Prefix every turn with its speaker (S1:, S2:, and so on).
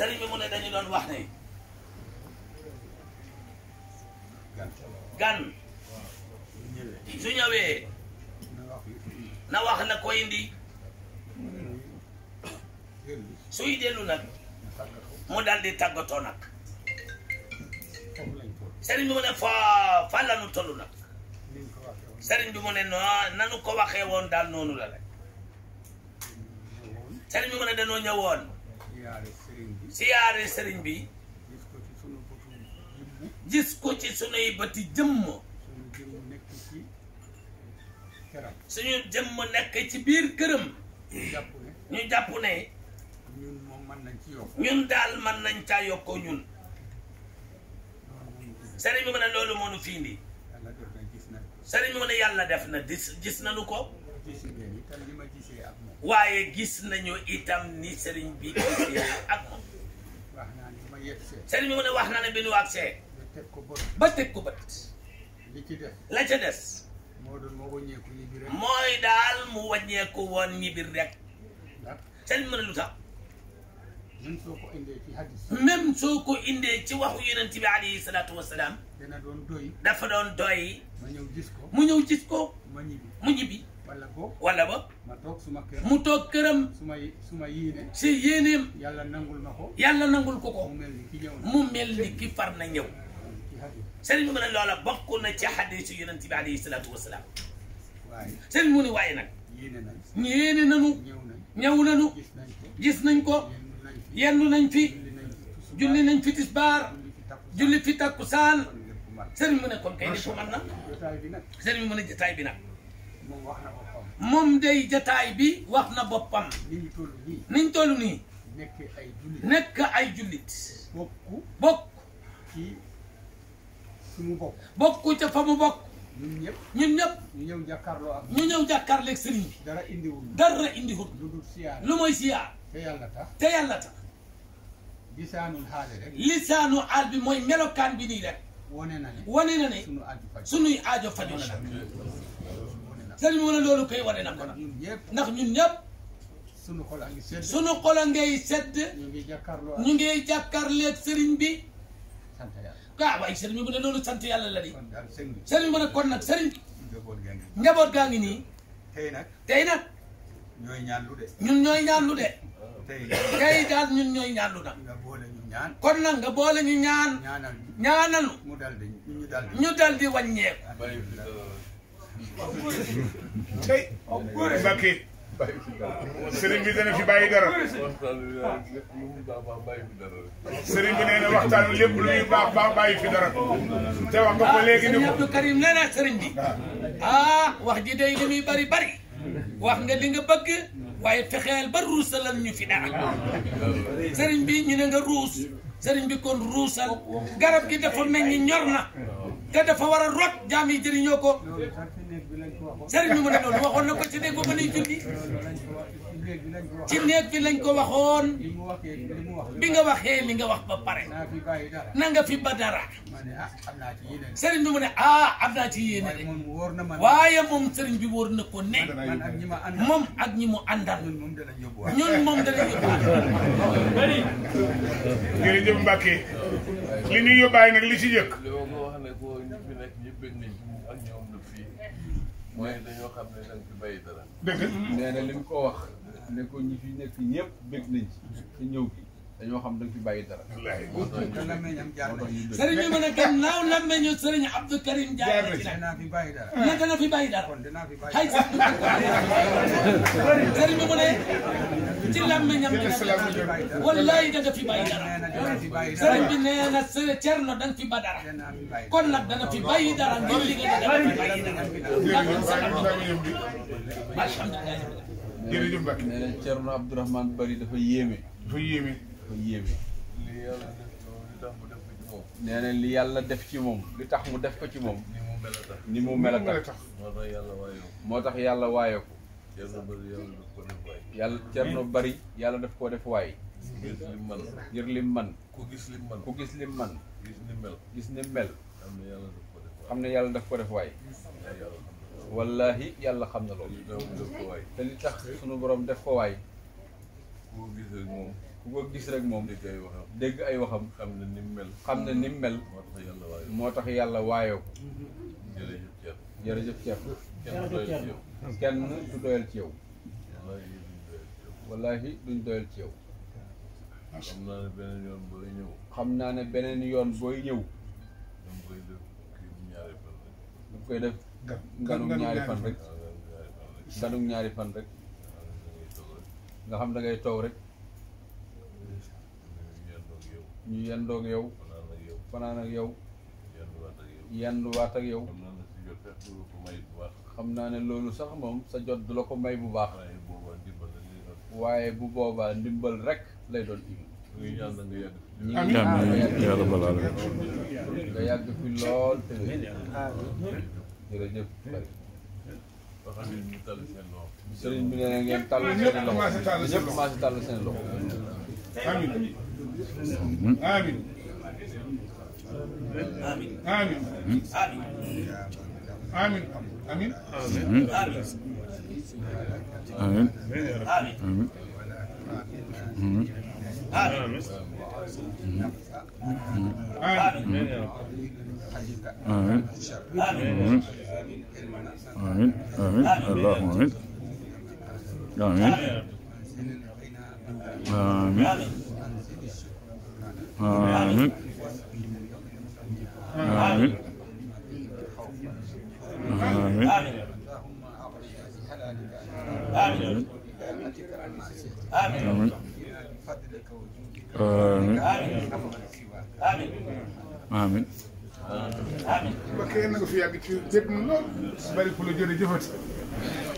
S1: sëriñ bi mu ne dañu doon wax ne gan su ñëwee na wax la ko indi suy lu nag mu dal di tàggatoo nag sëriñ bi mu ne fa fa la nu nag sëriñ bi mu ne nanu ko waxee woon daal noonu la rek sëriñ bi mu ne danoo ñëwoon siyaare sëriñ bi gis ko ci sunuy bëti jëmm suñu jëmm nekk ci biir këram ñu jàpp ne ñun daal mën nañ caa yokkoo ñun sëriñ bi mu ne loolu moo nu fii nii sëriñ bi mu ne yàlla def na gis gis nañu ko waaye gis nañu itam ni sëriñ bi gisee ak sëriñ bi mu ne wax na ne bi nu agsee ba teg ko bët la ca des mooy daal mu wàññeeku woon ñibir rek sëriñ bi mu ne lu tax même soo ko indee ci hadis. même soo ko indee ci waxu yonent bi alayhi salaatu wa salaam. dana doon doy. dafa doon doy. ma ñëw gis ko. mu ñëw gis ko. ma ñibbi mu ñibbi. walla bo walla ba mu toog këram suma yéene si yéeneem yàlla nangul ma ko yàlla nangul ko ko mu mel ni ki far na ñëw sëriñ bi mu ne loola bokk na ci xadiisu yonent bi alayhi salaatu wasalaam sëriñ mu ne waaye nag yéene nanu ñëw nanu gis nañ ko yendu nañ fi julli nañ fi tisbaar julli fi takkusaan sëriñ mu ne kon kay lépp man na sëriñ mu ne jotaay bi nag moom day jataay bi wax na boppam. niñ toll nii. niñ toll nii. nekk ay jullit. nekk ay jullit. bokk. bokk. ci su mu bokk. bokk ca fa mu bokk. ñun ñëpp. ñun ñëpp. ñu ñëw jàkkaarloo ak. ñu ñëw jàkkaarloo ak sëriñ bi. dara indiwul. dara indiwul. lu dul siyaar. lu mooy siyaar. te yàlla tax. te yàlla tax. lisaanul xaal rek. lisaanu xaal bi mooy melokaan bi nii rek. wane na ne. wane na ne. sunuy aajo fajoon la sunuy aajo sëriñ bi mu ne loolu kay wa na ko nag ndax ñun ñëpp sunu xol a ngi sedd sunu xol a ngay sedd ñu ngi jàkkaarleeg sëriñ bi ah waaye sëriñ bi mu ne loolu sant yàlla la di sëriñ bi mu ne kon nag sëriñ njaboot gaa ngi nii tey nag tey nag ñooy ñaan lu de ñun ñooy ñaan lu de tey daal ñun ñooy ñaan lu nag kon nag nga boole ñu ñaan ñaanalu ñu dal di wàññeeku tey
S2: Mbacke sëriñ bi dana fi bàyyi bi nee na waxtaan
S1: lépp lu muy baax baax bàyyi fi dara te wax nga ko léegi ni ko Abdou Karim nee na sëriñ bi ah wax ji day li muy nga li nga waaye fexeel ba ruusalal ñu fi sëriñ bi ñu ne nga ruus sëriñ bi kon ruusal garab gi dafa meññ ñor na te dafa war a rot jaam yi jëriñoo ko
S2: sëriñ bi mu ne loolu waxoon na ko ci néeg ba
S1: bi ko waxoon bi nga waxee li nga wax ba pare na nga fi ba dara sëriñ bi mu ne ah am naa ci yéene de waaye moom sëriñ bi wóor na ko ne moom ak ñi mu àndal ñun moom danañ yóbbuwaat. jërëjëf Mbacke
S2: li ñuy yóbbaay nag li ci njëkk. mooy dañoo xam ne danga fi bàyyi dara. dëgg nee na li mu ko wax ne ko ñi fi nekk ñëpp bég nañ ci ñëw gi. dañoo xam dañ fi bàyyi dara. wallaahi sëriñ bi ma
S1: ne kan naaw lammeñu sëriñ Abdou Karim jaar na ci la. dinaa fi bàyyi dara. naka na fi bàyyi dara. kon dinaa fi bàyyi dara. sëriñ bi mu ne ci lammeñam dina fi bàyyi dara. wallaahi danga fi bàyyi dara. sëriñ bi nee na sëriñ Thierno danga fi ba dara. kon nag danga fi bàyyi dara ngir liggéey danga fi bàyyi
S2: dara. alhamdulilah. jërëjëf Mbacke nee na Thierno Abdourahmane Bari dafa yéeme. dafa yéeme. ko li yàlla def li nee na li yàlla def ci moom li tax mu def ko ci moom. ni mu mel a tax moo tax yàlla waayoo ko. yàlla waayoo ko. Bari yàlla daf ko def waay. koo def waay. ngir lim man ngir ku gis lim man ku gis lim man. gis ni mel gis ni mel. xam ne yàlla def waay. xam ne yàlla ko def waay. wallaahi yàlla xam na loolu. te li tax sunu borom def ko waay. ku ko gis rek moom dégg ay waxam dégg ay waxam xam na ni mu mel xam na ni mu mel moo tax yàlla waayoo ko jërëjëf ceeb kenn du doyal ci yow wallaahi duñ doyal ci yow xam naa ne beneen yoon booy ñëw xam naa ne beneen yoon booy ñëw danga koy def ñaari fan rek danga koy ñaari fan rek nga xam da ngay toog rek ñu yendoog yow fanaan ak yow yenduwaat ak yow xam naa ne loolu sax moom sa jot du la ko may bu baax waaye bu boobaa ndimbal rek lay doon indi ñu ngi nga yàgg fi lool te jërëjëf sëriñ bi nee na ngeen tàll seen loxo ñëpp commencé tàll seen loxo آمين آمين آمين آمين آمين آمين آمين آمين آمين آمين آمين
S1: آمين
S2: آمين آمين آمين اللهم آمين آمين آمين آمين
S1: آمين آمين
S2: آمين آمين آمين آمين آمين. ba kenn nga fi yàgg
S1: ci jëpp lool bari ku la jërëjëfati